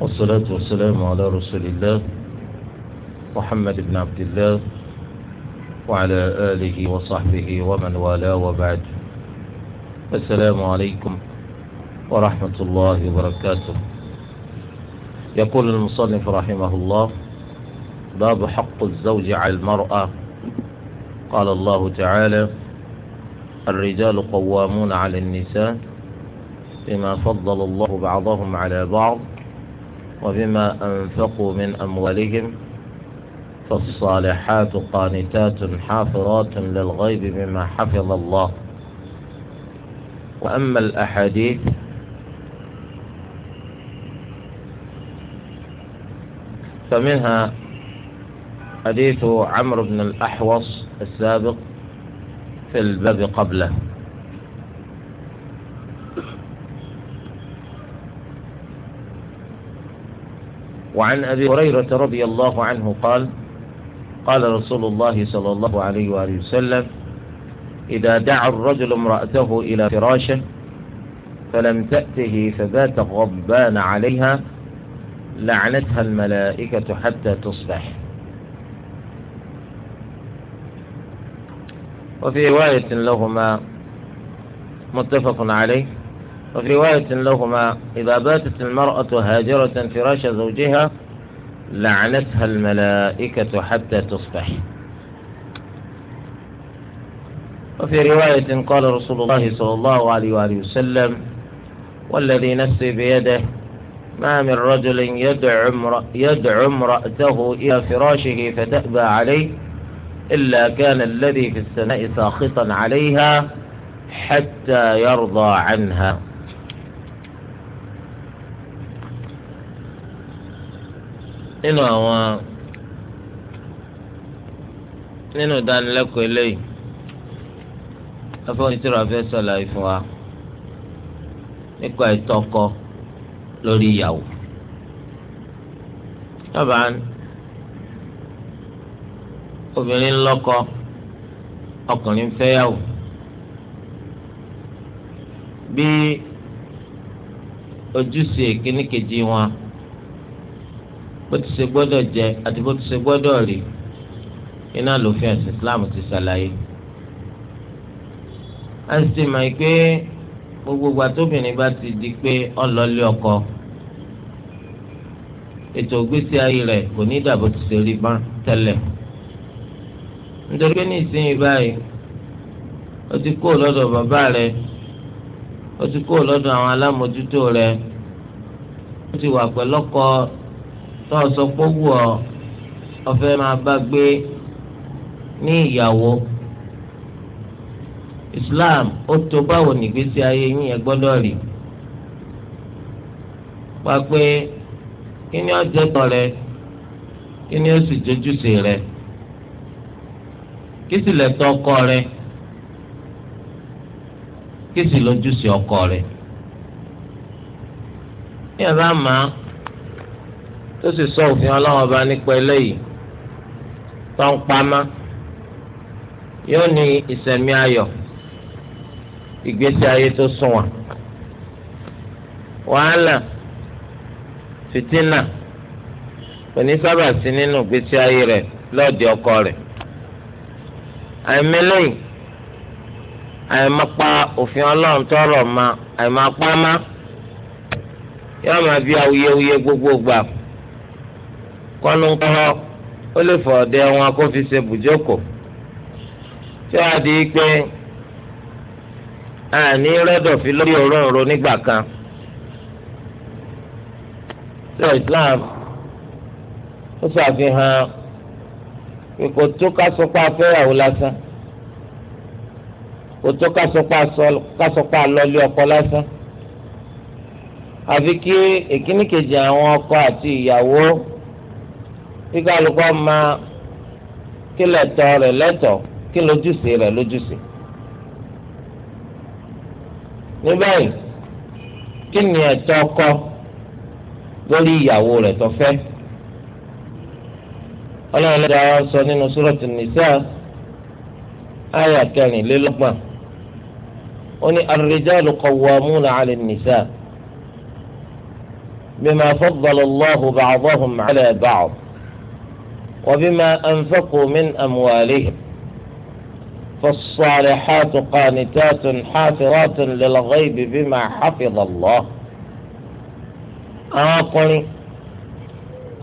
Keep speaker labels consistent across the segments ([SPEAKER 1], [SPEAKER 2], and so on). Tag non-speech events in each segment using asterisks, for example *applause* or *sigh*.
[SPEAKER 1] والصلاة والسلام على رسول الله محمد بن عبد الله وعلى آله وصحبه ومن والاه وبعد السلام عليكم ورحمة الله وبركاته يقول المصنف رحمه الله باب حق الزوج على المرأة قال الله تعالى الرجال قوامون على النساء بما فضل الله بعضهم على بعض وبما أنفقوا من أموالهم فالصالحات قانتات حافظات للغيب بما حفظ الله وأما الأحاديث فمنها حديث عمرو بن الأحوص السابق في الباب قبله وعن أبي هريرة رضي الله عنه قال قال رسول الله صلى الله عليه وآله وسلم إذا دعا الرجل امرأته إلى فراشه فلم تأته فبات غضبان عليها لعنتها الملائكة حتى تصبح وفي رواية لهما متفق عليه وفي رواية لهما إذا باتت المرأة هاجرة فراش زوجها لعنتها الملائكة حتى تصبح وفي رواية قال رسول الله صلى الله عليه وآله وسلم والذي نفسي بيده ما من رجل يدعو امرأته إلى فراشه فتأبى عليه إلا كان الذي في السماء ساخطا عليها حتى يرضى عنها nínú àwọn nínú ìdánilẹ́kọ̀ọ́ eléyìí afẹ́wọ́n tí ra fẹ́ sọ̀làyé fún wa nípa ìtọ́kọ lórí ìyàwó dábàá obìnrin lọ́kọ ọkùnrin fẹ́yàwó bí ojúṣe kìnnìkejì wọn bó ti ṣe gbọ́dọ̀ jẹ àti bó ti ṣe gbọ́dọ̀ rí iná lòfin ẹ̀sìn Islam ti ṣàlàyé. a ń ṣe máa pé gbogbo ìgbà tóbìnrin bá ti di pé ó lọ lé ọkọ ètò ògbésí ayé rẹ̀ kò ní dà bó ti ṣe rí bán tẹ́lẹ̀ nítorí pé ní báyìí ó ti kó lọ́dọ̀ bàbá rẹ̀ ó ti kó lọ́dọ̀ àwọn alámòjútó rẹ̀ ó ti wà pẹ̀lọ́kọ tó o sọ pé wù ọ ọfẹ máa bá gbé ní ìyàwó Islam ó tó báwo nígbésí ayé yín yẹn gbọ́dọ̀ rí wá pé kí ni ó rẹ kí ó sì jójúṣe rẹ kí sì lẹ́tọ́ ọkọ rẹ kí sì lójúṣe ọkọ rẹ tó sì sọ òfin ọlọ́wọ́n ọba nípa eléyìí tó ń pamọ́ yóò ní ìsẹ̀mí ayọ̀ ìgbésí ayé tó sunwọ̀n wàhálà fìtínà kò ní sábà sí nínú ìgbésí ayé rẹ̀ lọ́ọ̀dì ọkọ rẹ̀ àìmẹ́lẹ́yìn àìmọ́pa òfin ọlọ́run tọrọ ma àìmọ́pa má yóò máa bí awuyewuye gbogbo gbà kọ́nùkọ́ ó lè fọ̀ ọ̀dẹ wọn kó fi ṣe bùjókòó tí wàá di pé àní rẹ́dọ̀ fi lórí òróǹro nígbà kan ṣé Islam ó ṣàfihàn kò tó ká sọ pé afẹ́yàwó lásán kò tó ká sọ ọkọ lásán àfi kí èkíní àwọn ọkọ àti ìyàwó kíkọ́ alùpùpù ọmọ kí lẹ́tọ̀ rẹ̀ lẹ́tọ̀ kí lójúṣe rẹ̀ lójúṣe. ní báyìí kí ni ẹ̀tọ́ ọkọ lórí ìyàwó rẹ̀ tó fẹ́? ọlọ́run lẹ́dọ̀ àwọn sọ nínú súrọ̀tì nìṣẹ́ àyà kẹrìnlélọ́gbọ̀n ó ní ar-rijalu qawwamuna 'ala an-nisaa bima faddala Allahu ba'dahum 'ala ba'd. وبما أنفقوا من أموالهم فالصالحات قانتات حافظات للغيب بما حفظ الله àwọn ọkùnrin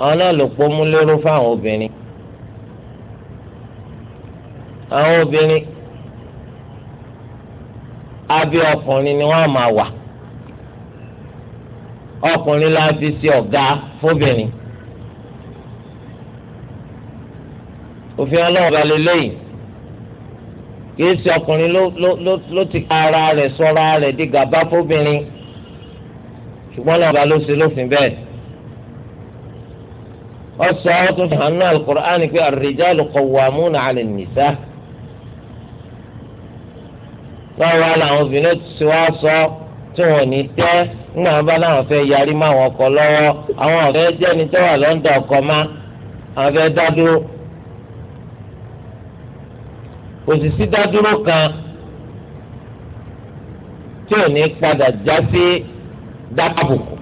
[SPEAKER 1] àwọn náà ló pọ́nmú lérò fáwọn obìnrin àwọn obìnrin abẹ́ ọkùnrin ni wọ́n máa wà ọkùnrin la fi ṣe ọ̀gá fóbìnrin. òfin ọlọ́run ba lè lẹ́yìn kìí ṣe ọkùnrin ló ti ka ara rẹ̀ sọ́ra rẹ̀ di gàba fóbìnrin ṣùgbọ́n ọlọ́run ló ṣe lófin bẹ́ẹ̀ ọsọ ọtún fàánù alukur'an pé ar-rijalu qawwamuna 'ala an làwọn obìnrin ti wá lọ́ńdọ̀ má òṣìṣì dádúró kan tí ò ní padà já sí dábàbùkù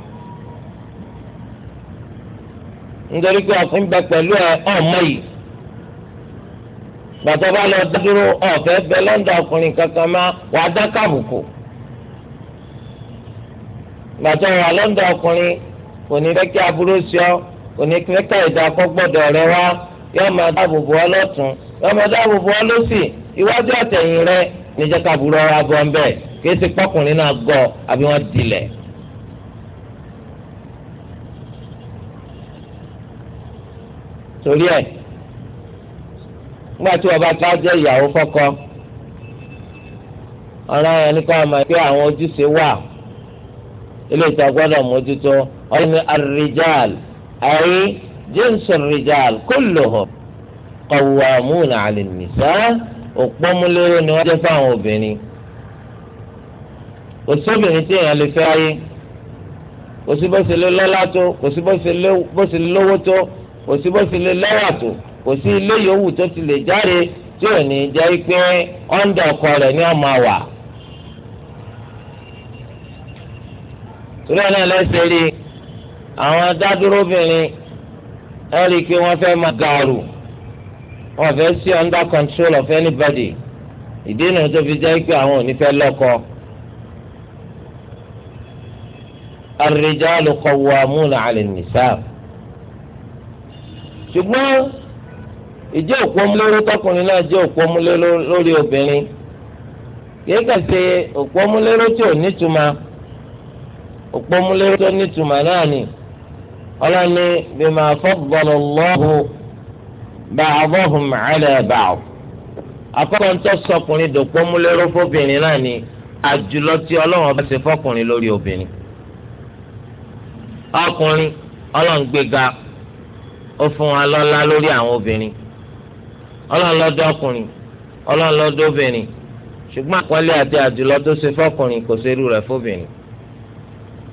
[SPEAKER 1] nítorí pé ọkùnrin bẹ pẹ̀lú ẹ ọmọ yìí gbàtọ́ bá lọ dádúró ọ̀fẹ́ bẹ lọ́ńdà ọkùnrin kankan má wà á dákàbùkù gbàtọ́ wà lọ́ńdà ọkùnrin kò ní fẹ́ aburú sí ọ kò ní fẹ́ ká gbọ́dọ̀ rẹ wá yọ máa dáàbò ọ lọ́tún lọ́mọdé àbùbù ọlọ́sì iwájú àtẹ̀yìn rẹ níjẹ́ ká burú ọ̀rọ̀ abọ́ ń bẹ̀ kí ẹ ti pọ́kùnrin náà gọ̀ àbí wọ́n dilẹ̀. torí ẹ̀ nígbà tí wọ́n bá ká jẹ́ ìyàwó fọ́kọ ọ̀rọ̀ yẹn ní ká máa pé àwọn ojúṣe wà ilé ìta gbọ́dọ̀ mójútó ọ̀rọ̀ ni àrìjáàl àrí jíǹsì rìjáàl kulluhum qawwamuna 'ala an-nisaa òpómúlérò ni wọ́n jẹ́ fáwọn obìnrin kò sóbìnrin tí èèyàn lè fẹ́ ayé kò sí bó ṣe lè lọ́lá tó kò sí bó ṣe lè lówó tó kò sí bó ṣe lè lẹ́wà tó kò sí ilé yòówù tó ti lè jáde tí ò ní jẹ́ pé ọ̀ǹda ọkọ rẹ̀ ni ọmọ wà. torí náà lẹ́sẹ̀ rí àwọn adádúróbìnrin ẹ̀ rí i pé wọ́n fẹ́ máa gàrú wọn fẹ́ sí under control of anybody ìdí nu tó fi jẹ́ pé àwọn ò ní fẹ́ lọ́kọ. الرجال قوامون على النساء ṣùgbọ́n ìjẹ́ òkú ọmúlérú tọkùnrin náà jẹ́ òkú ọmúlérú lórí obìnrin kìí kà ṣe òkú ọmúlérú tí ò nítumà òkú ọmúlérú tó nítumà náà ni ọlọ́ni bima faddala Allahu ba'dhum 'ala ba'd akọ́kọ́ ń tọ́ sọkùnrin dòpọ́ múlẹ́rọ́ fóbìnrin náà ni àjùlọ tí ọlọ́run ọba ṣe fọkùnrin lórí obìnrin ọkùnrin ọlọ́run gbéga ó fún wa lọ́lá lórí àwọn obìnrin ọlọ́run lọ́dọ̀ ọkùnrin ọlọ́run lọ́dọ̀ obìnrin ṣùgbọ́n àkọlé àti àjùlọ tó ṣe fọkùnrin kò ṣe irú rẹ̀ fóbìnrin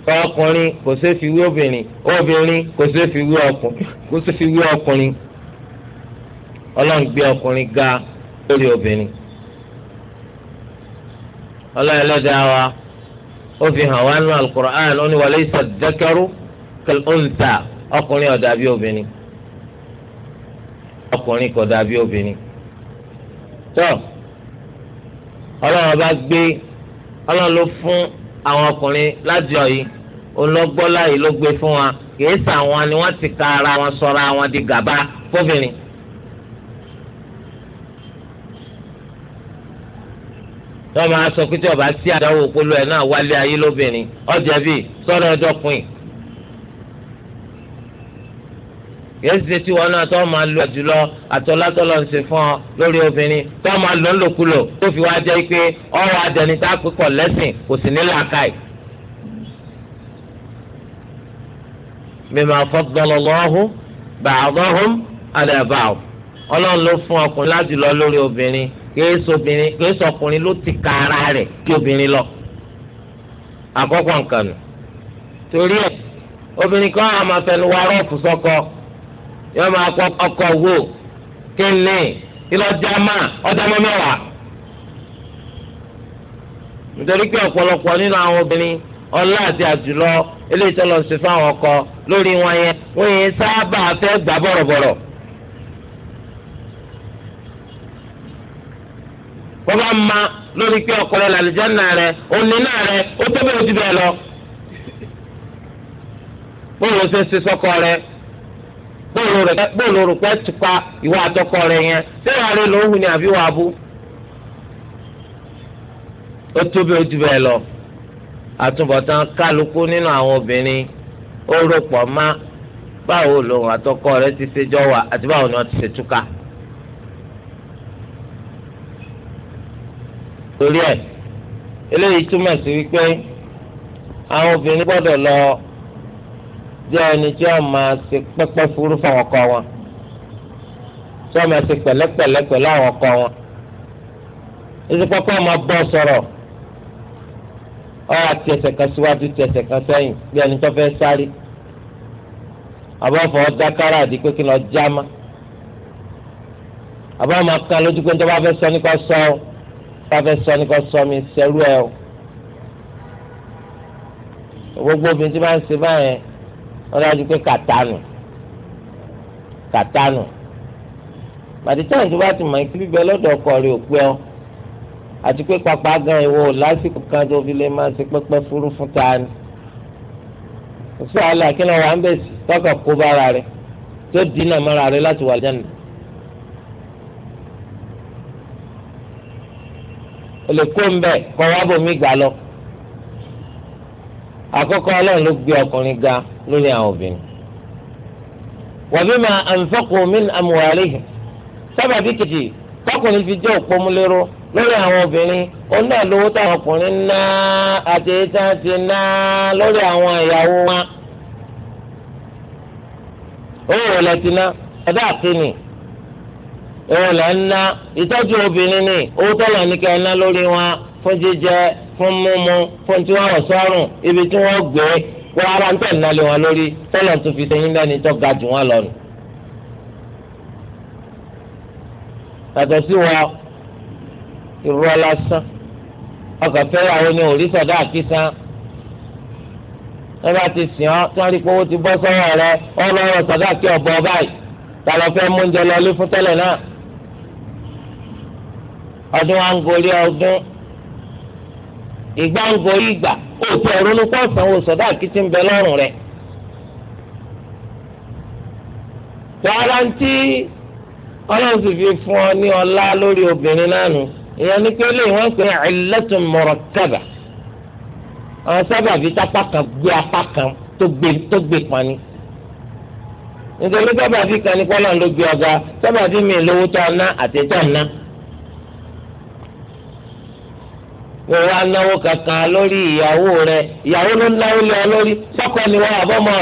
[SPEAKER 1] fọkùnrin kò ṣe fi wí obìnrin obìnrin kò ṣe fi wí ọkùnrin ọlọ́run gbé ọkùnrin ga lórí obìnrin ọlọ́run ẹlẹ́dàá wa ó fi hàn wá nínú alukur'an ó ní wa laysa dhakaru kal-untha ọkùnrin ò dàbí obìnrin ọkùnrin kò dàbí obìnrin tó ọlọ́run bá gbé ọlọ́run ló fún àwọn ọkùnrin lájọ yìí olọ́gbọ́lá yìí ló gbé fún wa kìí sàwọn ni wọ́n ti ka ara wọn sọra wọn di gàba fóbìnrin. wọ́n máa sọ pé tí ọba sí àdáwò polo ẹ̀ náà wálé ayé lóbìnrin ọjà bíi sọ́dọ̀ ẹjọ́ pin. yẹ́sì tí wọn náà tó máa lo àjùlọ àtọ́látọ́lọ́ ń ṣe fún ọ lórí obìnrin tó máa lọ ńlòkulò tó fi wá jẹ́ pé ọrọ̀ adẹni tá a pè kọ̀ lẹ́sìn kò sì ní làákàyè. bima faddala Allahu ba'dahum ala ba'd ọlọ́run ló fún ọkùnrin lájùlọ lórí obìnrin kìí sọkùnrin ló ti ka ara rẹ̀ obìnrin lọ àkọ́kọ́ nǹkan torí ẹ̀ obìnrin kan á máa fẹnu wa rọ́ọ̀fù sọ́kọ yóò máa kọ́ ọkọ̀ wò kí ni ọjà mọ́ mẹ́wàá nítorí pé ọ̀pọ̀lọpọ̀ nínú àwọn obìnrin ọlá àti àjùlọ eléyìí tó lọ sí ọkọ lórí wọn yẹn yẹn sábà fẹ́ gbà wọ́n bá ma lórí pé ọkùnrin làlùjáná rẹ òní náà rẹ ó tó bẹ́ẹ̀ ojú bẹ́ẹ̀ lọ. bóòlù ṣe ń ṣe sọ́kọ rẹ bóòlù rò pé tupa ìwà àtọkọ rẹ yẹn sẹ́yìn àárẹ̀ ló ń ni àbí wàá bú. ó tó bẹ́ẹ̀ ojú bẹ́ẹ̀ lọ. àtúbọ̀tán kálukú nínú àwọn obìnrin ó rò pọ̀ má báwo lòun àtọkọ rẹ ti ṣe jọ wà àti báwo ni wọ́n ti ṣe túká. torí ẹ̀ eléyìí túmọ̀ sí wípé àwọn obìnrin gbọ́dọ̀ lọ jẹ́ ẹni tí wọ́n máa ṣe pẹ́pẹ́ fúru fún àwọn ọkọ wọn tí wọ́n máa ṣe pẹ̀lẹ́pẹ̀lẹ́ pẹ̀lú àwọn ọkọ wọn ìsopọ̀pọ̀ máa bọ́ sọ̀rọ̀ ọ àti ẹsẹ̀ kan síwájú ti ẹsẹ̀ kan sẹ́yìn bí ẹni tó fẹ́ sáré àbáfọ̀ dákàrà àdí pé kí lọ já ma máa kan lójú pé ní tó bá fẹ́ sọ nípa sọ káfẹ́ sọ ní kò sọ mi sẹ́rú ẹ o gbogbo obìnrin tí wọ́n ń ṣe báyẹn wọ́n dájú pé kàtánù kàtánù màdìtàn tó bá ti mọ̀ ìkírí bẹ lọ́dọ̀ ọkọ rẹ̀ òpẹ́ ọ àti pé pàpà gan ìwọ lásìkò kan tó fi lè máa ṣe pẹ́pẹ́ fúrú fún ta ni òṣù àlà kí ló wà ń bẹ̀ sí tọkọ̀ kó bára rẹ̀ tó dínà mọ́ra rẹ̀ láti wà lẹ́nu o lè kó ń bẹ̀ kọ́ wá bòmí gbà lọ. àkọ́kọ́ ọlọ́run ló gbé ọkùnrin ga lórí àwọn obìnrin. wàbí ma ànfọ́kù min amwalihim sábàbí kejì tọkùnrin fi jẹ́ òpómúlérò lórí àwọn obìnrin òun náà lówó táwọn ọkùnrin ná àti ti ná lórí àwọn ìyàwó wọn. owó rẹ̀ ti ná ẹ̀dá àkínì òun là ń ná ìtọ́jú obìnrin ni owó tọ́lá ní ká ná lórí wọn fún jíjẹ fún mímu fún tí wọ́n sọ́rùn ibi tí wọ́n gbé wọ́n ara ń tẹ̀ ná lé wọn lórí tọ́lá tó fi sẹ́yìn lẹ́ni tó ga jù wọ́n lọ yàtọ̀ sí wa ìrọ̀ lásán ọkàn fẹ́ràn àwọn ní òrí sọ̀dá àkísán wọ́n bá ti sìn ọ́ tí wọ́n rí pé owó ti bọ́ sọ́wọ́ rẹ wọ́n lọ́wọ́ sọ̀dá àkí ọ̀bọ báyìí tàlọ́ fẹ́ mú oúnjẹ lọ lé fún tẹ́lẹ̀ náà ọdún wa ń gorí ọdún ìgbà ń gorí ìgbà ó ti ẹ̀rọ olùkọ́ sanwó sọ̀dá àkìtì ń bẹ lọ́rùn rẹ̀. tọ́lá ń tí ọlọ́run sì fi fún ọ ní ọlá lórí obìnrin náà nù ìyẹn ní pé lè wọ́n pè é illatun murakkaba àwọn sábà fi tápá kan gbé apá kan tó gbé tó ni nítorí sábà fi kan ní kọ́lá ló gbé ọ̀gá sábà fi mí lówó tó ọ̀nà àtẹ̀tẹ̀ ọ̀nà. kò wá náwó kankan lórí ìyàwó rẹ ìyàwó ló náwó lé ọ lórí sọkọ ni wọn àbọ̀ mọ́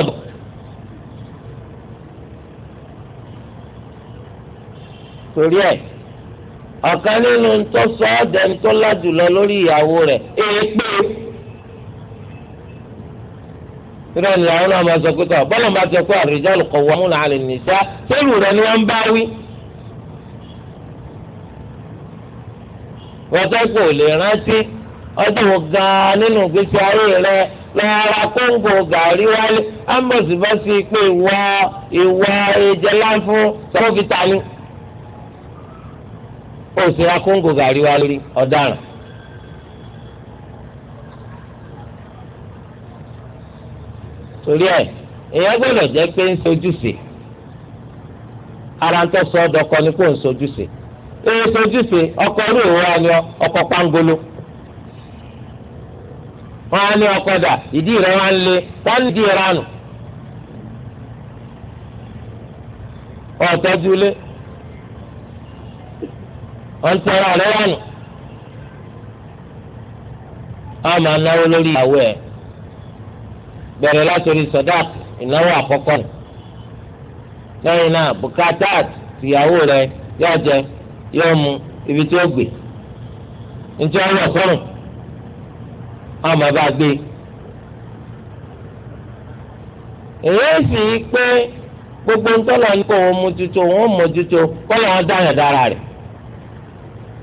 [SPEAKER 1] torí ẹ ọ̀kan nínú tó sọ ọ́ dẹni tó lájùlọ lórí ìyàwó rẹ̀ èèpé tírẹ̀ ní àwọn náà sọ pé tọ́ bọ́lá máa sọ pé ọdún wo gan-an nínú ìgbésí ayé rẹ lọ́ra kóńgò gàrí wálé ámbọ̀sì bá sí i pé ìwà ìwà ìjẹláńfún sọ́fìtà ni ó sì ra kóńgò gàrí wálé ọ̀daràn. torí ẹ èèyàn gbọ́dọ̀ jẹ́ pé ń sojúṣe ara ń tọ́ sọ ni ń ọkọ orí ìwúra ni ọkọ pangolo. wọn á ní ọkọdà ìdí rẹ wọn á lé táǹdì ránù ọtọjú lé ọtọrọ rẹ ránù a máa náwó lórí ìyàwó ẹ bẹ̀rẹ̀ látòrí sọdáàk ìnáwó àkọ́kọ́ nù lẹ́yìn náà bùkátà tìyàwó rẹ yóò jẹ yóò mu ibi tí ó gbé ntí wọn lọ sọrùn. ọmọ bá gbé èyí sì pé gbogbo ńtọ́lọ̀ ní kò wọ́n mójútó wọ́n da ya dara dáhùn dára rẹ̀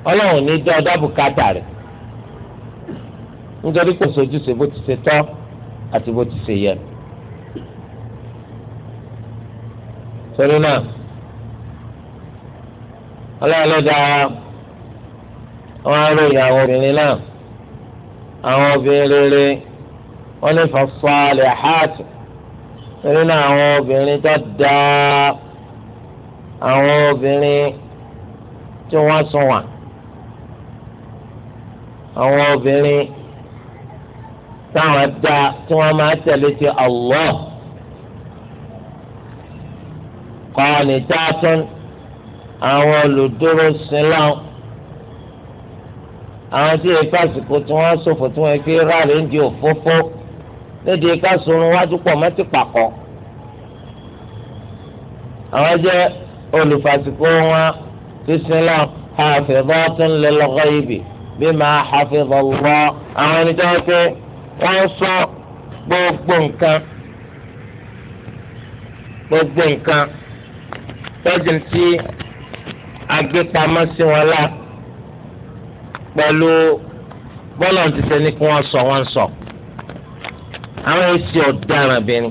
[SPEAKER 1] ọlọ́run ní dọ́ dábùkátà rẹ̀ nítorí kò sojúṣe bó ti ṣe tọ́ àti bó ti ṣe yẹ. náà ọlọ́run àwọn obìnrin rere wọ́n ní fàṣọlẹ̀ hàtì nínú àwọn obìnrin tó dáa àwọn obìnrin tí wọ́n sùn wà àwọn obìnrin táwọn dáa tí wọ́n máa tẹ̀lé ti Allah kọ́ni táàtún àwọn olùdúró síláwọ́ àwọn tí èyí pàṣípò tí wọ́n ṣòfò tí wọ́n fi ráàlì ń di òfófó léde ká sorun wájú pọ̀ mọ́tì pàkọ́. àwọn jẹ́ olùfàṣípò wọn ti sin lọ hafidatun lil ghaibi bima hafiz Allah. àwọn ẹni tí pé wọ́n sọ gbogbo nǹkan gbogbo nǹkan tọ́jú tí agbépamọ́ sí wọn láà. pẹ̀lú bọ́lá ti ṣe ní kí wọ́n sọ wọ́n sọ àwọn èsì ọ̀daràn bẹ́ni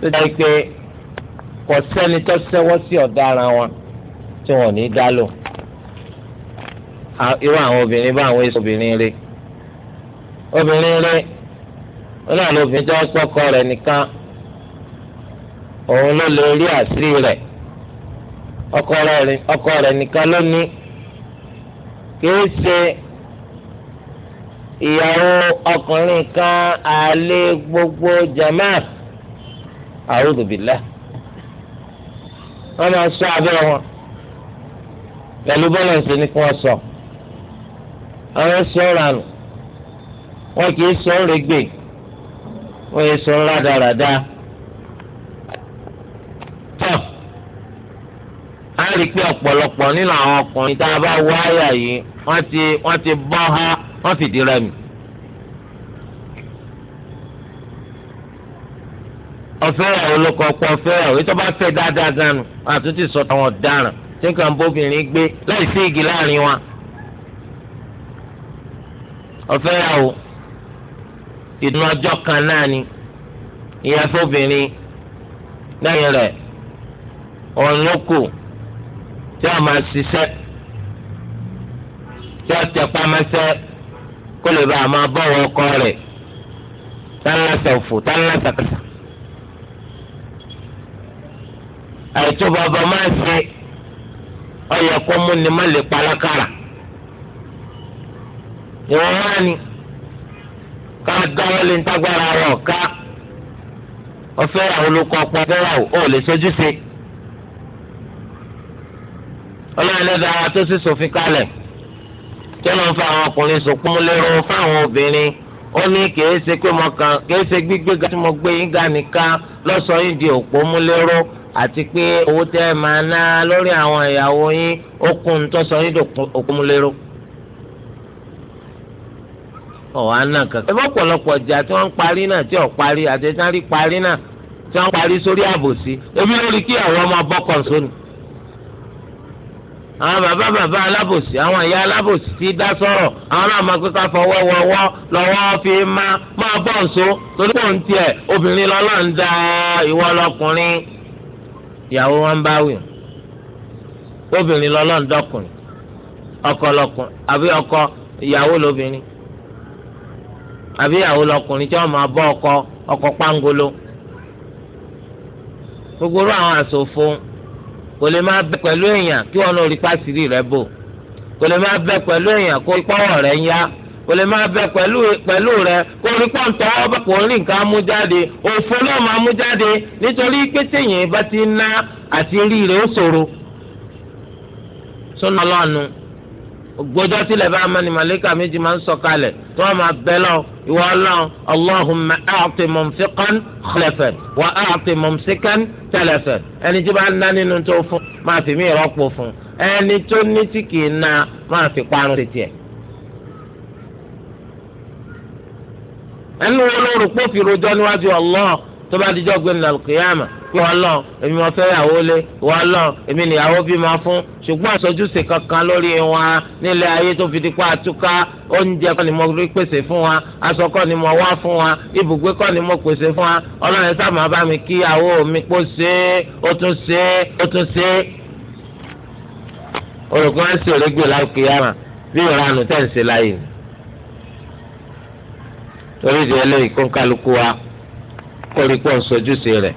[SPEAKER 1] tó dáa pé kò sẹ́ni tó ṣẹ́wọ́ sí ọ̀daràn wọn tí wọ́n ní dá lò irú àwọn obìnrin bá àwọn èsì obìnrin rè obìnrin rè wọn náà lóbìnrin tó pọ́kọ rẹ̀ nìkan òun ló lè rí àṣírí rẹ̀ ọkọ rẹ nìkan ló ní. kìí ṣe ìyàwó ọkùnrin kan àlè gbogbo jamaat a'udhu billah wọ́n máa sọ abẹ́ wọn pẹ̀lú bọ́lá ń ṣe ni kí sọ àwọn sọ̀rọ̀ àná kìí sọ ń rẹ́gbẹ̀ẹ́ wọ́n yẹ sọ rádaràda. Rada pé ọ̀pọ̀lọpọ̀ nínú àwọn ọkùnrin tá a bá wá àyà yìí wọ́n ti wọ́n ti bọ́ ha wọ́n fìdí rẹmi. ọ̀fẹ́rẹ́ olóko ọ̀pọ̀ ọ̀fẹ́rẹ́ òwe tó fẹ́ dáadáa ganu àtúntì sọ̀tọ̀ àwọn ọ̀daràn tí nǹkan bóbìnrin gbé láì sí igi láàrin wa. ọ̀fẹ́rẹ́ o ìdùnnú ọjọ́ kan náà ni ìyá fóbìnrin lẹ́yìn rẹ̀ ọ̀run ló kù. tí a máa ṣiṣẹ́ tí a tẹ pamẹ́sẹ́ kó lè bá a máa ọkọ rẹ̀ tánlẹ́sẹ̀ òfò tánlẹ́sẹ̀ kẹsà. àìtó bàbá máa ṣe
[SPEAKER 2] mú ni má lè palákàrà.
[SPEAKER 1] ìwọ wá ní ká dáwọ́ lé ní tágbára rẹ̀ ọ̀ká ọ̀fẹ́ àwọn olùkọ́ ọlọ́run lẹ́dàá tó sì sòfin kalẹ̀ tí wọ́n fa àwọn ọkùnrin sòkún lérò fáwọn obìnrin ó ní kìí ṣe pé mo kàn kìí ṣe gbígbéga tí mo gbé yín ga nìkan lọ́sọ̀ọ́ yín di òpó mú lérò àti pé owó tẹ́ ẹ máa ná lórí àwọn ìyàwó yín ó kún tó sọ yín di òpó mú lérò. ọ̀hún àná kankan. ẹ̀fọ́ pọ̀lọpọ̀ ìjà tí wọ́n parí náà tí ò parí àti tí wọ́n parí náà tí wọ́n parí sórí àbòsí ebi lórí kí àwọn ọmọ bọ́kọ̀ sóni. àwọn bàbá bàbá alábòsí àwọn ìyá alábòsí ti dá sọ̀rọ̀ àwọn náà máa lọ́wọ́ fi máa máa bọ̀ nsó torí kò ń tiẹ̀ obìnrin lọ́lọ́ ń da ìwọ lọkùnrin ìyàwó wọn bá wì obìnrin lọ́lọ́ ń dọkùnrin ọkọ lọkùnrin àbí àbí ìyàwó kò lè máa bẹ pẹ̀lú èèyàn kí wọn náà pàṣírí rẹ bò kò lè máa bẹ pẹ̀lú èèyàn kó ipáwọ̀ rẹ yá kò lè máa bẹ pẹ̀lú pẹ̀lú rẹ kó rí pọ̀ǹtọ́ ọba kò nǹkan mú jáde náà máa mú jáde nítorí pé téèyàn bá ti ná àti rí rẹ ó ṣòro sọ́nà ọlọ́run. gbọ́dọ̀ tilẹ̀ bá amani malika méjì máa ń sọ̀kalẹ̀ tí wọ́n máa bẹ̀ lọ ìwọ ọlọ́run allahumma aati mumsikan khlafan wa aati mumsikan talafan ẹni tí bá ń ná nínú tó fún máa fi mí rọ́pò fún ẹni tó ní tí kì í ná máa fi parun tètè. ẹnu olórùkpó fi rojọ́ níwájú allah tó bá dijọ́ gbẹ̀ndàlùkìyàmà pé ọlọ́run èmi máa fẹ́ yàwó lé ọlọ́run èmi nìyàwó bí máa fún ṣùgbọ́n àṣojúṣe kankan lórí wọn nílẹ̀ ayé tó fi di pa àtúká oúnjẹ kọ́ ni mo rí pèsè fún wa aṣọ kọ́ ni mo wá fún wa ibùgbé kọ́ ni mo pèsè fún wa ọlọ́run sábà máa bá mi kíyàwó mi kó ṣe é ó tún ṣe é ó tún ṣe é. olùkọ́ ń ṣe òrégbè láìpẹ́ yàrá bí ìranù tẹ̀ ń ṣe láyé ni torí ìdí ẹlẹ́yìn kó ń kálukú wa kó rí pọ̀ ń sojúṣe rẹ̀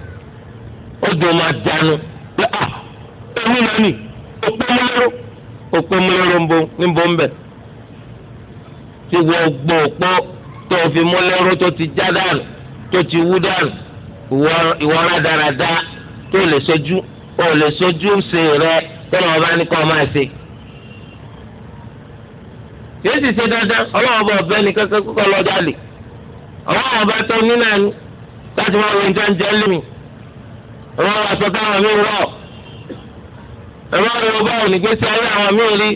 [SPEAKER 1] ó dùn máa dànù pé à ah, èmi nani nì òpè múlẹ́rọ òpè múlẹ́rọ ń bo ní bo ń bẹ̀. tí wọ́n gbọ́ òpó tó fi múlẹ́rọ tó ti já dànù tó ti wú dànù ìwọ́n rádaràda tó lè sojú ó lè sojú ṣe rẹ tọ́lọ́ ọba ní kọ́ máa ṣe. yóò sì ṣe dandan ọlọ́wọ́ bá ọbẹ̀ ní kankan kókó lọ́jà lè ọlọ́wọ́ bá tọ́ nínú ẹni
[SPEAKER 2] láti wá wọn jẹ́ ń jẹ́ lómi.
[SPEAKER 1] ẹ̀rọ aṣọ táwọn mi wọ̀ ẹ̀rọ ọ̀rọ̀ báwo nígbésí ayé àwọn mi rí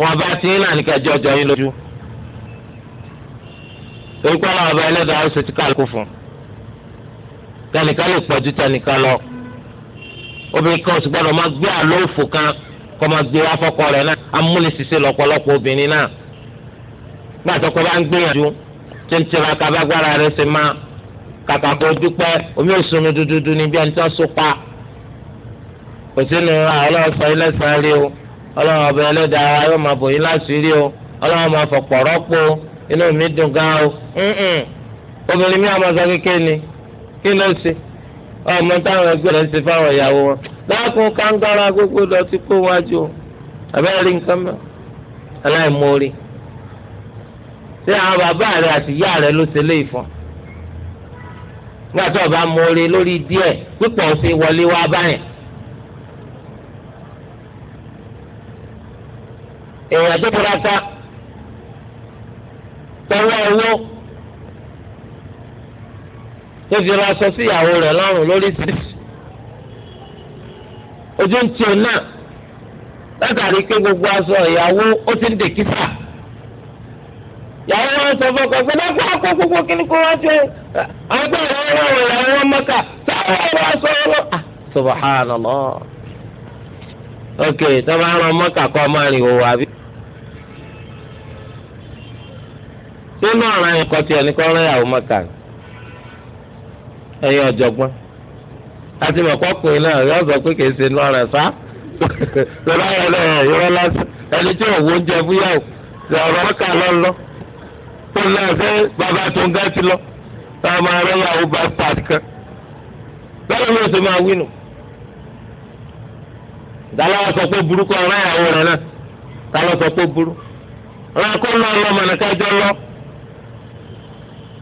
[SPEAKER 1] wọn bá ti ń lànà kẹjọ jọ yín lójú torí pé àwọn ọba ẹlẹ́dàá ó ti kálukú fún tẹnìkan lè pọ̀jù tẹnìkan lọ obìnrin kan kan kọ́ máa gbé afọ́kọ rẹ̀ náà lọ́pọ̀lọpọ̀ obìnrin náà
[SPEAKER 2] bá ń gbìyànjú
[SPEAKER 1] rẹ̀ máa kàkà kó dúpẹ́ omi òsùnù dúdúdú ni bí ẹni tó sopa kò sínú ọlọ́wọ́ sọ ilé sáré o ọlọ́wọ́ ọbẹ̀ ẹlẹ́dàá yóò máa bò yín láṣìírí o ọlọ́wọ́ máa fọ̀pọ̀ rọ́pò inú mi dùn gan o obìnrin mi àmọ́ sọ kékeré ni kí ló ṣe ọmọ táwọn ẹgbẹ́ rẹ̀ ń ṣe fáwọn ìyàwó wọn láàkún kángára gbogbo lọ sí kó wájú o àbẹ́rẹ́ nǹkan mọ́ aláìmoore ṣé àwọn bàbá rẹ̀ àti ìyá rẹ̀ ló ṣe léyìí fún gbàtọ́ ọba mọ́re lórí díẹ̀ pípọ̀ sí wọlé wá báyẹn. èèyàn tó kura ta tọwọ́ owó tó fi ra aṣọ sí ìyàwó rẹ̀ lọ́rùn lórí sísì ojú ń tiẹ̀ náà látàrí pé gbogbo aṣọ ìyàwó ó ti ń dèkítà ìyàwó wọn sọ fọkàn pé lọ́kọ́ àkókò kí ni kò wá ṣe àgbà ọlọ́run làwọn mọ́kà táwọn wá sọ ọlọ́run. Ah, subhanallah ok tọ́ba ń rán mọ́kà kọ́ ọ máa rìn òwò àbí. nínú ọ̀ràn ẹ̀kọ́ tiẹ̀ ní kọ́ rẹ́yàwó mọ́kà ẹ̀yin ọ̀jọ̀gbọ́n àti mọ̀kọ́kùnrin náà yóò sọ pé kìí ṣe lọ́rẹ̀ sá lọ́la yẹn lọ́rẹ̀ yọ̀rọ̀ lásán ẹni tí òwò ń jẹ fúyàwó lọ́rọ̀ mọ́kà lọ́lọ́ tó náà fẹ́ bàbá tó ń gá ti lọ. táwọn máa rẹ́ yàwó bypass kan bẹ́ẹ̀ ni oṣù máa wínú. ìdáláwọ̀ sọ pé burúkú ọ̀rẹ́ ìyàwó rẹ̀ náà táwọn sọ pé burú. ọ̀rẹ́ kó lọ lọ mọ̀nà kájọ lọ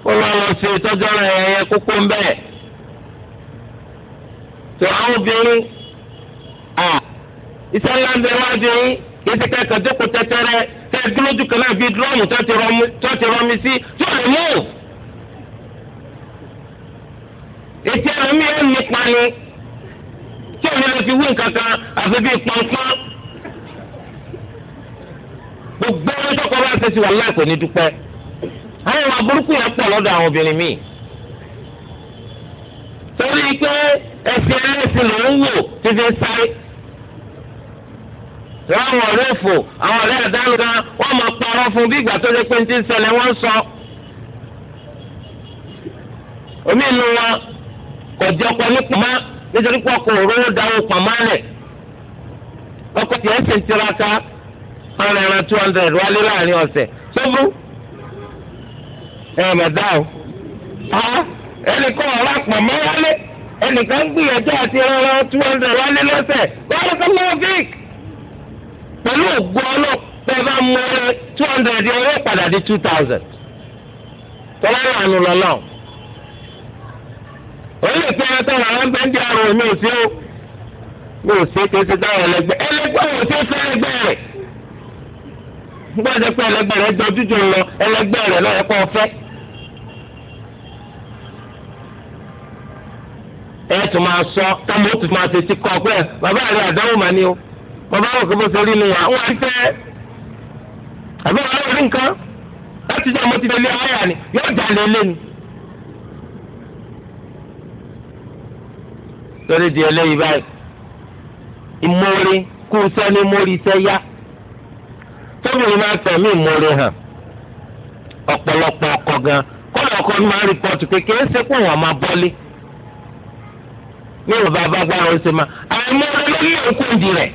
[SPEAKER 1] kó lọ lọ sí ìtọ́jú ẹ̀yẹ kókó ń tó àwọn obìnrin à iṣẹ́ ńlá ń bẹ wájú yín kì í ti kẹ́kọ̀ọ́ tẹ́tẹ́rẹ́ kan náà dúrọ́ọ̀mù tó ti rọmi sí ètí ẹlòmíì ẹ̀ nípa ni tí òun lè fi wí nǹkan kan àfi bíi pọnpọ́n gbogbo ẹni tọkọ bá ṣe sí wà láì kò ní dúpẹ́ àwọn ìwà burúkú yẹn pọ̀ lọ́dọ̀ àwọn obìnrin míì torí pé ẹsẹ̀ ẹlẹ́sìn ló ń wò títí sáré láwọn ọ̀rẹ́ fò àwọn ọ̀rẹ́ àdánù kan wọ́n máa parọ́ fún bí ìgbà tó lé pé ní ti ń ṣẹlẹ̀ wọ́n sọ omi ìlú wọn. kọjá ọkọ ní pamá nítorí pé ọkọ òróró dáwọ pamá rẹ̀ ọkọ tiẹ̀ ń ṣe ń tiraka
[SPEAKER 2] ọ̀rọ̀ ẹran two hundred wálé láàrin ọ̀sẹ̀
[SPEAKER 1] sọ́fù ẹ̀ mẹ̀dá o ẹnìkan ọ̀rọ̀ pamá wálé ẹnìkan ń gbìyànjú àti ẹran two hundred wálé lọ́sẹ̀ wálé tó lọ́wọ́ vic pẹ̀lú ògbó ọlọ́pẹ́ bá mú ẹ two hundred ọwọ́ padà di two thousand tọ́lá náà nù lọ́lọ́ọ̀. onye lè pé ẹyọtọ wà wọn bẹ́ẹ̀ ń di àrùn o mi ò sí elegbe n ti dáhùn ẹlẹgbẹ́ ẹlẹgbẹ́ ò sí fún ẹlẹgbẹ́ pé jọ lọ ẹlẹgbẹ́ rẹ̀ lọ ẹkọ ọ̀fẹ́. ẹ tún máa sọ kámi ó tún máa ṣe ti kọ pé bàbá rẹ màní o bàbá rẹ kò bó ṣe rí ni àbí wọn lọ rí nǹkan láti jẹ ti ni. torí di eléyìí báyìí ìmórí kú sẹ́ni mórí sẹ́yá tóbìnrin máa tẹ̀mí ìmórí hàn ọ̀pọ̀lọpọ̀ ọkọ gan kọ́lọ̀ ọkọ máa ń rìpọ́tù pé kí ẹ ṣe kó wọn máa bọ́lé ní ìwọ̀n bàbá agbára ó ṣe máa àìmórí ló ní òkúndì rẹ̀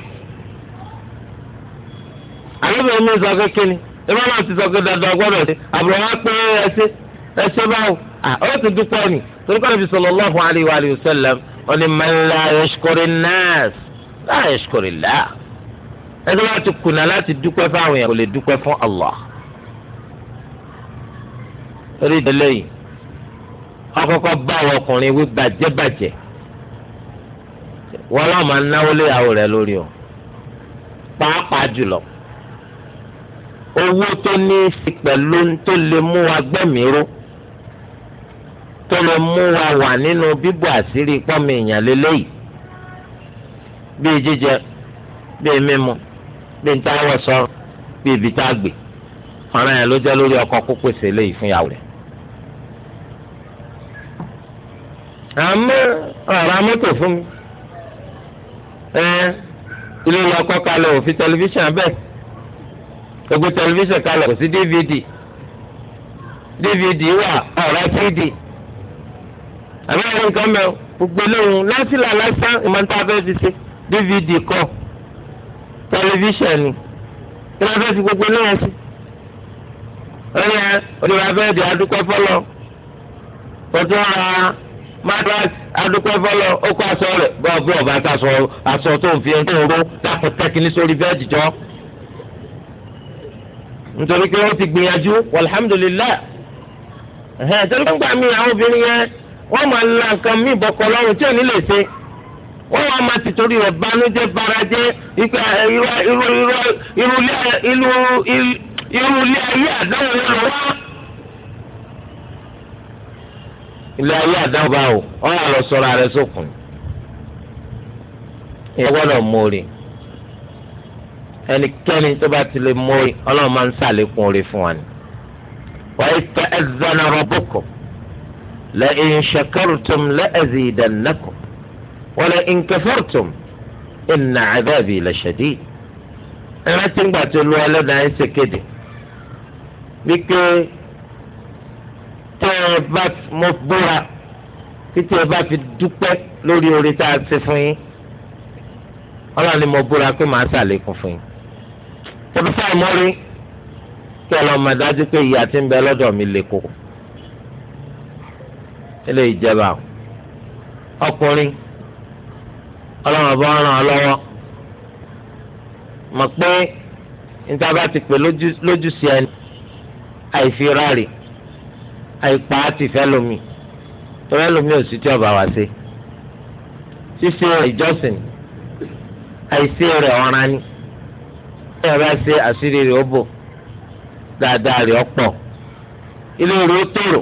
[SPEAKER 1] àyẹ̀bẹ̀rẹ̀ mi sọ kékeré ni ìbá náà ti sọ pé dandan gbọ́dọ̀ ṣe àbúrò pé ẹ ṣe ẹ ṣe báwo ó ti dúpọ̀ ni torí fi ó ní man la yashkuri nas la yashkuri Allah ẹgbẹ́ láti kùnà láti dúpẹ́ fáwọn èèyàn kò lè dúpẹ́ fún Allah torí ìdílé yìí ọkọ̀kọ̀ bá àwọn ọkùnrin wí bàjẹ́bàjẹ́ wọn náà máa náwó léyàwó rẹ lórí o pàápàá jùlọ owó tó ní í fi pẹ̀lú tó lè mú wa tó lè mú wa wà nínú bíbò àṣírí pọ́nmi èèyàn lélẹ́yìí bíi jíjẹ bíi mímu bíi ń táwọ̀ sọ̀rọ̀ bíi ibi tá a gbé ọ̀ràn yẹn ló jẹ́ lórí ọkọ kó pèsè lẹ́yìn fún ìyàwó rẹ̀. àmọ́ ọ̀rọ̀ amọ́tò fún mi ẹ ilé ọkọ kalẹ̀ òfin tẹlifíṣàn bẹ́ẹ̀ gbogbo tẹlifíṣàn kalẹ̀ kò sí dvd dvd wà ọ̀rọ̀ cd àbí àwọn nǹkan mẹ́rin gbogbo lóhùn lásìlà lásán ìmọ̀ntà fẹ́ fi ṣe dvd kọ́ tẹlifíṣàn ni kí wọ́n fẹ́ fi gbogbo lóhùn sí. ọ̀rẹ́ oníbàbẹ́ di adúpẹ́ fọlọ́ kọ́tún ra madras adúpẹ́ fọlọ́ ó kó aṣọ rẹ̀ bọ́ọ̀bù ọ̀bá aṣọ aṣọ tó ń fi ẹ̀ ń ró dákun tẹ́kíní sórí bẹ́ẹ̀dì jọ. nítorí pé wọ́n ti gbìyànjú alhamdulillah ẹ̀hẹ́n tẹ́lifíṣàn gbà mí àwọn obìnrin yẹn wọ́n máa la nǹkan mí bọ̀kọ̀ lọ́rùn tí ò ní lè ṣe wọ́n wá máa ti torí rẹ̀ banújẹ́ barajẹ́ ipa ah, irú irú irú irú irú ilé ayé àdáwò ló lọ wá. ilé ayé àdáwò báwo wọ́n á lọ sọ̀rọ̀ àrẹ sókun ìyẹn gbọ́dọ̀ mórí ẹnikẹ́ni tó bá ti lè mórí ọlọ́run máa ń sàlékún orí fún wa ni. wàá ìfẹ́ ẹ̀zẹ̀ náà rọ bókò. لئن شكرتم لأزيدنكم ولئن كفرتم إن عذابي لشديد ẹrántí ńgbà tó lu ọlọ́dà ẹsẹ̀ kéde wípé tẹ́ ẹ bá mo búra títí ẹ bá fi dúpẹ́ lórí oore tá a ṣe fún yín
[SPEAKER 2] ọlọ́run ni mo búra pé
[SPEAKER 1] màá ṣàlékún fún yín tẹ̀bí sáà mọ́rí kí ẹ lọ́ọ́ mọ̀ dájú pé ìyá tí ń bẹ lọ́dọ̀ mi lè kó ilé ìjẹba ọkùnrin
[SPEAKER 2] ọlọ́run ọba ràn án lọ́wọ́
[SPEAKER 1] mọ̀ pé níta bá ti pè lójúṣe ẹni àìfirárì àìpá ti fẹ́ lomi torí ẹlòmíì ò sí tí ọba wá sí ṣíṣe ìjọsìn
[SPEAKER 2] àìsí rẹ̀
[SPEAKER 1] ọ̀ràn ni bí bá ṣe àṣírí rẹ̀ ó bò dáadáa rẹ̀ ọ̀pọ̀ ilé rẹ̀ ó tòrò.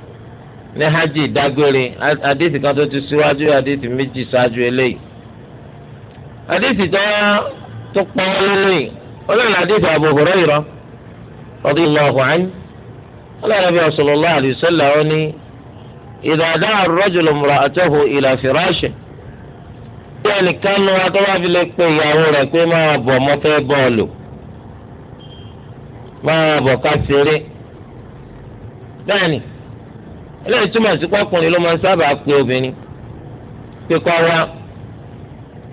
[SPEAKER 1] ní hajj dágbére àdéhìí kan tó ti síwájú àdéhìí méjì ṣáájú eléyìí àdéhìí tó tó pọn lórí olórí àdéhìí Abu Hurairah radiyallahu anhu olórí sallallahu alayhi wa sallam ó ní idha da'a ar-rajulu imra'atahu ila bí ẹnìkan nu pé ìyàwó rẹ̀ pé máa bọ̀ mọ́fẹ́ bọ́ọ̀lù máa bọ̀ bẹ́ẹ̀ ni. eléyìí túmọ̀ sí pọ́kùnrin ló máa ń sábà pe obìnrin pé kọ́ wa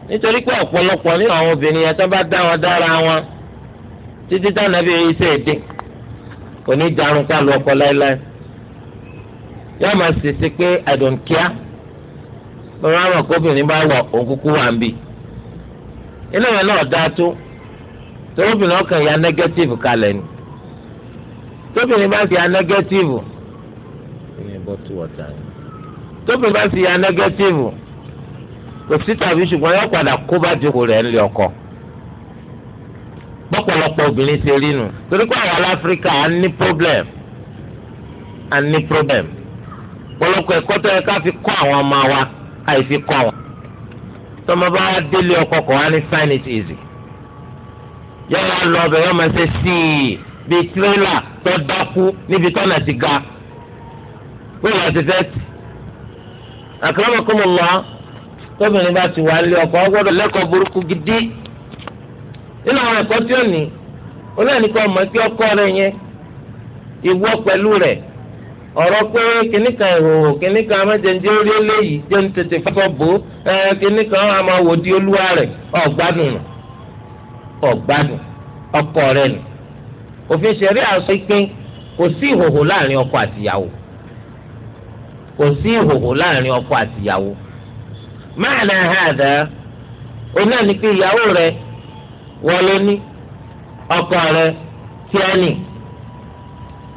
[SPEAKER 1] nítorí pé ọ̀pọ̀lọpọ̀ nínú àwọn obìnrin yẹn tó bá dá wọn dára wọn títí tànàbí iṣẹ́ èdè kò ní darun ká lu ọkọ láéláé yóò máa ṣèṣe pé I don't care bàbá àwọn kóbìnrin bá wọ òkúkú wà ń bì inú rẹ̀ náà dáa tó tóbìnrin ọkàn ya negative kalẹ̀ ni tóbìnrin bá ti ya negative bottle water yẹn tóbi bá sì ya nẹ́gẹ́tìfù kò sí tàbí ṣùgbọ́n yóò padà kó bá jókòó rẹ̀ ńlẹ̀ ọkọ pọ̀pọ̀lọpọ̀ obìnrin ṣe rí nu torí pé àwọn aláfíríkà á ní problem á ní problem pọ̀lọpọ̀ ẹ̀kọ́ tó yẹ ká fi kọ́ àwọn ọmọ wa àìfi kọ́ wọn tọmọ bá délé ọkọ kọ wá ní sign it easy yóò wá lọ ọbẹ̀ yóò máa ṣe sí i bíi tírélà tó dákú níbi tọ́nà ti ga bóyá ti fẹ́ tì akramakumullah tóbìnrin bá ti wà lé ọkọ ọgbọ́dọ̀ lẹ́kọ̀ọ́ burúkú gidi nínú àwọn ẹ̀kọ́ tí ó ní olóòní kan mọ̀ pé ọkọ rẹ yẹn pẹ̀lú rẹ̀ ọ̀rọ̀ pé kìnnì kan ìhòòhò kìnnì kan amẹ́jẹ̀ǹjẹ́ orí eléyìí jẹ́ ní tètè bò ó kìnnì kan wò di ọkọ rẹ̀ nù òfin ṣẹ̀rí àṣọ ìpín kò sí ìhòòhò láàrin ọkọ àtìyàwó kò sí ìhòhò láàrin ọkọ àtìyàwó máàna hàdà oná ni pé ìyàwó rẹ wọ́n ló ní ọkọ rẹ tí ó ní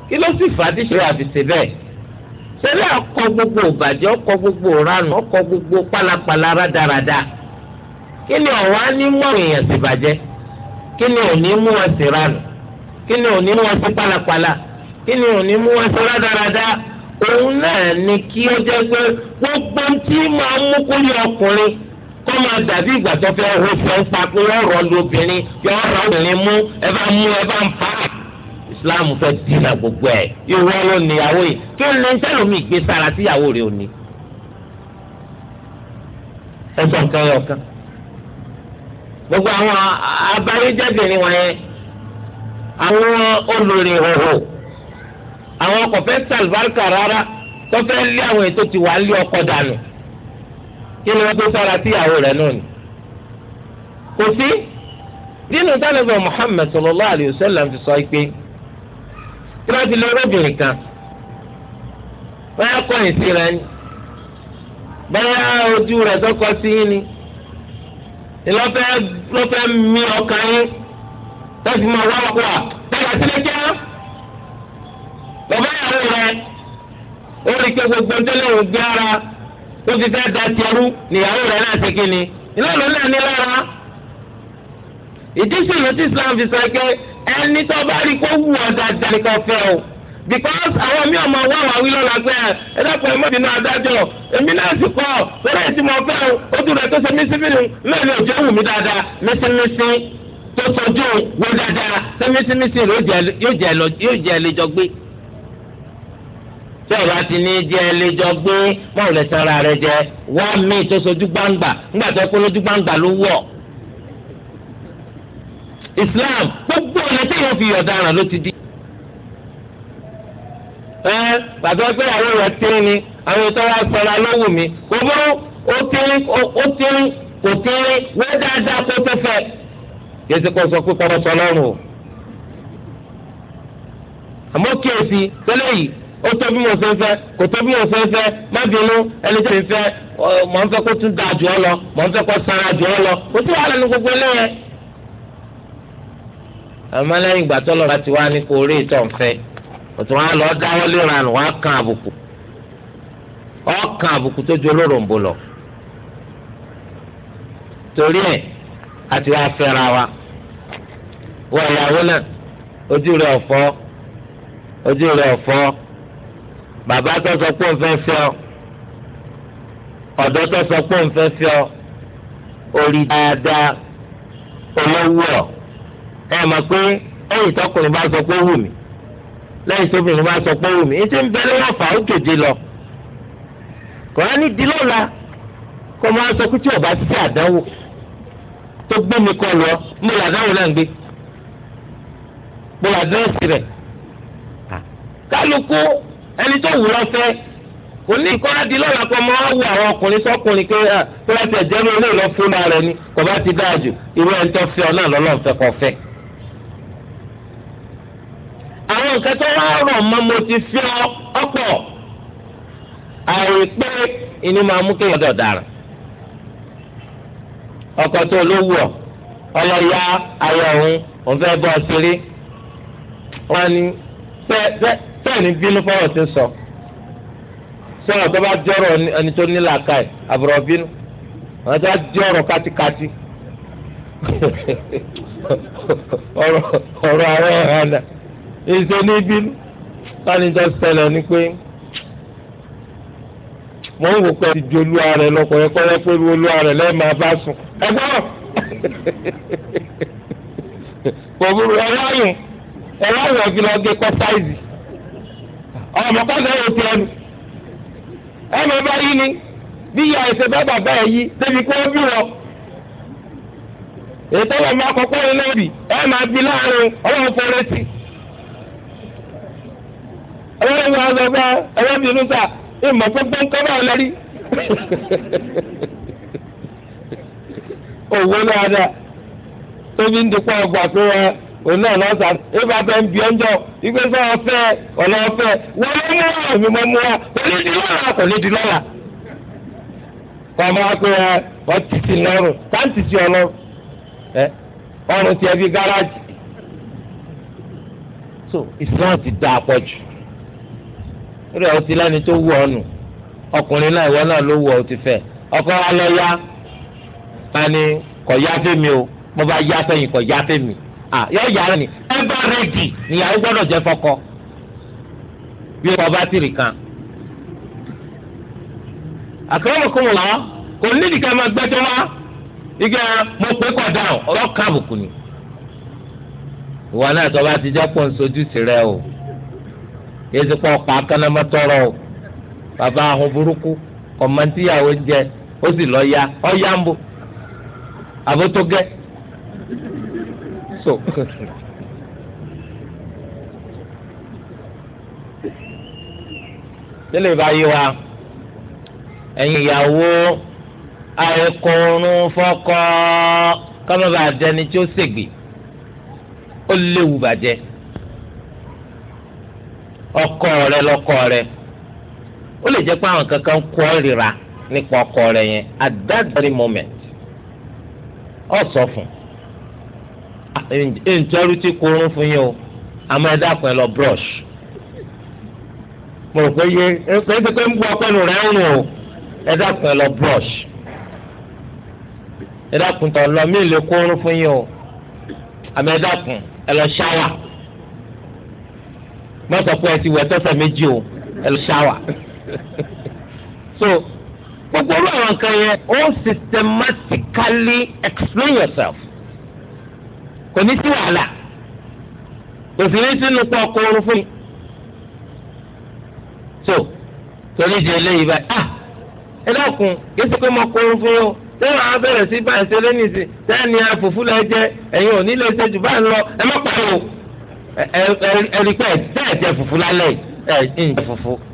[SPEAKER 1] kí ló sì fà á tí ìṣòro àfìsè bẹ́ẹ̀ sẹ́lẹ̀ ọkọ̀ gbogbo ìbàjẹ́ ọkọ̀ gbogbo ìranù ọkọ̀ gbogbo pálapàla rádaràda kí ni ọ̀wá ní mú àwọn èèyàn sì bàjẹ́ kí ni òní mú wọn sì ranù kí ni òní mú wọn sí pálapàla kí ni òní mú wọn sí rádaràda. òun náà ni kí ó jẹ́ pé gbogbo tí máa mú kó lé ọkùnrin kó máa dàbí ìgbà tó fẹ́ ro fún papò ọ̀rọ̀ lu obìnrin yọ ọ̀rọ̀ obìnrin mú ẹ bá mú ẹ bá ń fa Islam fẹ́ dínà gbogbo ẹ̀ ìwọ ló níyàwó yìí kí ló ń sẹ́nu mi gbé sára síyàwó rẹ̀ òní. ẹ sọ nǹkan yọ kan gbogbo àwọn abáyéjẹ́bìnrin wọ̀nyẹn àwọn olùrìn ìhòòhò àwọn ọkọ fẹ́ sàlùbáríkà rárá tó fẹ́ lé àwọn ètò ti wà lé ọkọ dànù kí ni wọ́n tó sára sí ìyàwó rẹ̀ náà ni. kò sí dínú tálẹ́fọ̀ Muhammad sallallahu alayhi wa sallam fi sọ pé tí wọ́n ti lọ rẹ́bìnrin kan wọ́n yà kọ́ ìsira ni báyà ojú rẹ̀ sọ́kọ sí yín ni lọ́fẹ́ lọ́fẹ́ mi ọkàn yín lọ́fẹ́ máa wá wá wá sílẹ̀ jẹ́ bàbá ìyàwó rẹ̀ ó rí i pé gbogbo ntẹ́lẹ̀ ò gbé ara ó ti fẹ́ da tiẹ̀rú níyàwó rẹ̀ náà ti kí ni ìlànà náà ní lára ìdí sì ló ti Islam fi sọ pé ẹni tó bá rí kó wù ọ́ dáadáa nìkan fẹ́ o because àwọn mi ò mọ wá wàá wí lọ́la pé ẹ dákun ẹ mọ́bìnú adájọ́ èmi náà sì kọ́ lọ́dọ̀ ètí mo fẹ́ o ó dùn rẹ̀ tó ṣe mí síbìrì náà ni òjò wù mí dáadáa mísímísí tó sọjú wo dáadáa ṣé mísímísí yóò jẹ́ ẹlẹ́jọ́ gbé. bẹ́ẹ̀ bá ti ní jẹ́ ẹlẹ́jọ́ gbé rẹ jẹ wá mí tó sojú gbangba nígbà tó kó gbangba ló wọ̀. Islam gbogbo ọ̀nà tí yóò fi ọ̀daràn ló ti di. ẹ bàbá pé àwọn èèyàn tí ni àwọn ètò wa sọra kò ó ti ń kò ti ń wé dáadáa kó tó fẹ́. ó tó bí mo ṣe ń kò tó bí ṣe ń má bínú ẹni lọ mọ kó sara ọ lọ kò tí wàá lẹnu gbogbo lẹ́yìn. àmọ́ lẹ́yìn ìgbà tó lọ́ra ti wá ní kó orí ìtọ̀ ń fẹ́ òtún wọn lọ dáwọ́ léra nù kan àbùkù àbùkù ju olóròǹbó lọ torí fẹ́ra wa wọ ìyàwó náà ojú ọ̀fọ́ ojú ọ̀fọ́. bàbá tó sọ pé òun fẹ́ fẹ́ ọ ọ̀dọ́ tó sọ pé òun fẹ́ fẹ́ ọ orí dáadáa olówó ọ ẹ mọ̀ pé ẹ̀yìn tọkùnrin bá sọ pé wù mí lẹ́yìn tóbìnrin bá sọ pé wù mí ètò ìbẹ̀rẹ̀ wọn fà ó kéde lọ kọ́ni di lọ́la kọ́ máa sọ pé tí ọba ti tẹ àdánwò tó gbé mi kọ lọ mo là dáhùn náà ń gbé mo là dẹ́rẹ́sì rẹ̀ ah. kálukú ẹni tó wù lọ fẹ́ kò ní ìkọ́ra di lọ́la kọ́ mọ́ wù àwọn ọkùnrin sọ́kùnrin pé ah, tó bá tiẹ̀ jẹ́rú ilé lọ fún ara ẹni kò bá ti dáa jù irú ẹni tó fẹ́ ọ náà lọ́lọ́ fẹ́ kọ́ fẹ́. àwọn nǹkan tó wá rọ̀ mọ́ mo ti fi ọ̀pọ̀ àìpé inú máa mú kéèyàn dọ̀ dára ọkọ̀ tó ló wù ọ́ ọlọ́yà ayọ̀ òun òun fẹ́ bọ́ ọ sẹ́ẹ̀ni bínú fọwọ́ ti sọ sọ̀rọ̀ tó bá jọ̀rọ̀ ẹni tó nílà ká ẹ̀ àbúrò bínú àwọn tó bá jọ̀rọ̀ kátikáti ọ̀rọ̀ àwọn ọ̀hánà èso ní bínú láti jọ ṣẹlẹ̀ ni pé mo ń wò pé ti di olúwa rẹ lọkọ̀ yẹ kọ́ yẹ pé olúwa rẹ lẹ́ẹ̀ máa bá sùn ẹgbọ́n kò burú ẹ̀rọ ayùn ẹ̀rọ ayùn ọ̀gbìn lọ́ọ́ gé kọ́ sáìzì. ọmọ kọ́ sẹ́yìn òsì ẹnu ọmọ bá ni bí ìyá ẹsẹ̀ bá bàbá ẹ̀ yí débi kó bí wọ. ètò ọmọ akọkọ yìí ẹ máa bí láàrin ọlọ́run fọrẹ́tì. ọlọ́run wa sọ pé bínú sà ìmọ̀ *laughs* òun náà lọ́sà ìgbà bẹ́ẹ̀ ń bí ọjọ́ ìgbé sọ ọfẹ ọ̀nà ọ̀fẹ́ wọ́n mú wa mi mọ́ mú wa kò ní di lọ́la kò ní di lọ́la. so Islam ti da àpọ̀jù rẹ̀ ti lẹ́ni tó wù ọ́ nù ọkùnrin náà ìwọ ọkọ ya o mo bá sẹ́yìn kọ̀ yọ yàrá ni ẹgbẹ́ rẹ́dì gbọ́dọ̀ jẹ́ bí o kan. àkàrà kò wọ́n kò nídìí ká máa gbẹ́jọ́ wá igi mo pé dáhùn ni. ìwọ náà tó bá ti jọ́ pọ̀ ń sojú tirẹ̀ o yéé ti pọ̀ o bàbá ahun burúkú jẹ ó sì lọ́ọ́ ya ọ́ yá ń àbótógẹ́. so tẹ́lẹ̀ bá yé wa ẹ̀yin ìyàwó àìkùnrùn fọ́kọ kọ́mọ́ bá dẹni tí ó ṣègbè ó léwu bàjẹ́ ọkọ rẹ lọkọ rẹ ó lè jẹ́ pé àwọn kankan kọ́ ríra nípa ọkọ rẹ yẹn at that very moment ó sọ fún un ntọ́rú tí korun fún yín o àmọ́ ẹ dákun ẹ brush mo rò pé yé ẹ pé ń bu ọpẹ́ nù rẹ̀ o ẹ dákun ẹ brush ẹ dákun tọ̀ lọ mí lè korun fún yín o àmọ́ ẹ dákun ẹ lọ ṣáwà mo sọ pé ẹ ti wẹ̀ méjì o ẹ lọ *laughs* so gbogbo orú àwọn kan yẹn ó systematically explain yourself. kò ní sí wàhálà kò sì ní sínú oru fún mi. so torí di eléyìí báyìí ah pé mo kó oru fún o sẹ́wọ̀n bẹ̀rẹ̀ sí báyìí ṣe lé nìsín sẹ́ni àfùfú lẹ jẹ ẹ̀yin ò nílò ṣe jù bá ń lọ ẹ má pa o ẹ̀rí pẹ́ bẹ́ẹ̀ lálẹ́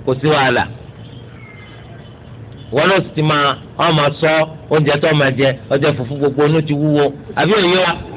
[SPEAKER 1] kò sí wàhálà wọ́n lọ ti máa sọ oúnjẹ tó máa gbogbo onú ti wúwo àbí wa.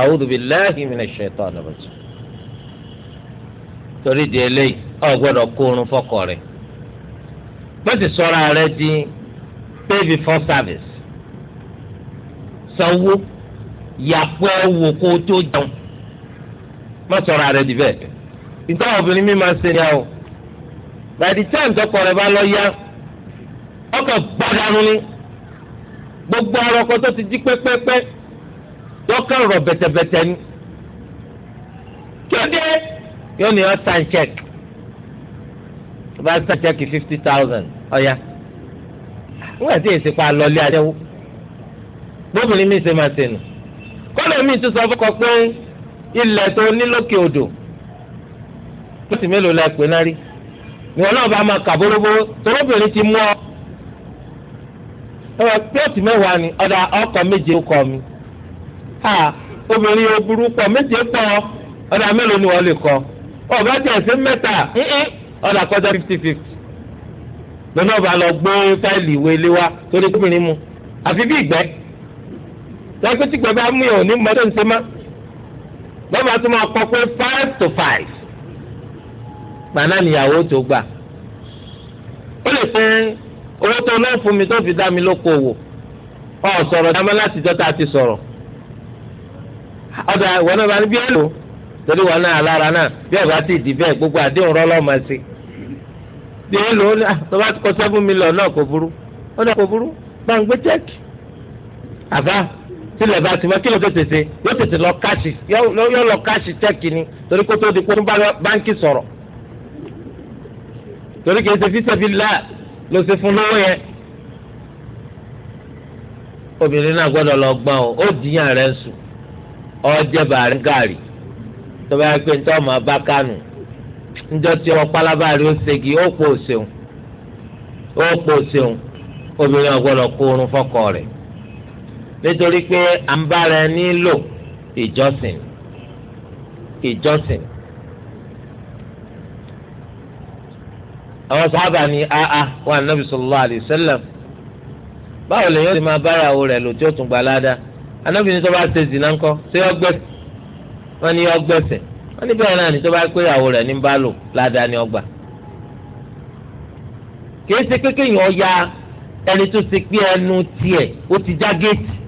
[SPEAKER 1] a'udhu billahi minash shaitani rajim torí di eléyìí o gbọ́dọ̀ kórun fọ́kọ rẹ̀ mọ́tì sọ́ra rẹ di pay before service sanwó yàpọ̀ ẹ̀wò kó o tó jẹun má sọ́ra rẹ di bẹ́ẹ̀ ìtàn obìnrin mi ṣe ni àwọn by the time tọkọ rẹ bá lọ yá ọkọ̀ gbọ́dọ̀ ni gbogbo ọ̀rọ̀ kan tó ti jí pẹ́pẹ́pẹ́ lọ́kàn rọ̀ bẹ̀tẹ̀bẹ̀tẹ̀ ni kéde yóò ní ọ́ sign check tó bá sign check fifty thousand ọ̀ya nígbà tí èsì pa lọ́lé àjẹwò gbóbìnrin mi ṣe máa ṣe nù kọ́lẹ̀ mi tún sọ fọ́kọ pé ilẹ̀ tó ní lókè odò tó sì mélòó la pè náà rí ìwọ náà bá máa kà bóróbóró torobìnrin ti mú ọ ẹ wọ pé ọtí mẹ́wàá ni ọ̀dà ọkọ̀ méje ó kọ́ mi. obìnrin oburu pọ̀ méje pọ̀ ọ̀dà mélòó ni wọ́n lè kọ́ ọ̀gá tiẹ̀ sí mẹta ọ̀dà kọjá fifty fifty ọba lọ gbé ìwé ilé wa torí mu àfi bí tí amú yẹn ò ní ṣe má bàbá kọ five to five níyàwó tó gbà ó lè owó tó fún mi tó fi dá mi lóko òwò ọ̀ ti sọ̀rọ̀. ọ̀dà ìwọ náà bá ní bí ẹ lò torí wọn náà alára náà bí ẹ bá ti dì bẹ́ẹ̀ gbogbo àdéhùn rọ́lọ́ máa ṣe bí ẹ lò ó ní ah, tó bá kọ seven million náà kò burú ó náà ah, kò burú bá ń gbé chẹ́ẹ̀kì àbá tilẹ̀ bá ti mọ kí ló tètè ṣe yóò tètè lọ káàṣì yóò lọ káàṣì chẹ́ẹ̀kì ni torí kó tó di pé ń bá báńkì sọ̀rọ̀ torí kìí ṣe fíṣẹ́fì láà ló ṣe fún lówó yẹn obìnrin náà gbọ́dọ̀ lọ gbọ́n o ó dìyàn rẹ̀ sùn ọjẹ́ bàárẹ̀ gàrí tọ́ba yẹn pé ọmọ bá kánú níjọ́ tí ọmọ pálábá rẹ̀ ó ṣègi ó pò ṣeun ó pò ṣeun obìnrin ọ̀gbọ́dọ̀ nítorí pé à ń bára ẹni lò ìjọsìn ìjọsìn àwọn sábà ní aa wà nàbì ti máa báyàwó rẹ̀ lò tí gbalada. anábìrin tó bá ṣe zina ńkọ́ ṣé yọ gbẹ̀sẹ̀ wọ́n ní yọ gbẹ̀sẹ̀ wọ́n ní bẹ́ẹ̀ náà ní tó bá pé ìyàwó rẹ̀ ní bá ládàá ni ọgbà. kì í ṣe kékeré yẹn ọ ya ẹni tó ṣe pé ẹnu tiẹ̀ ó ti já géètì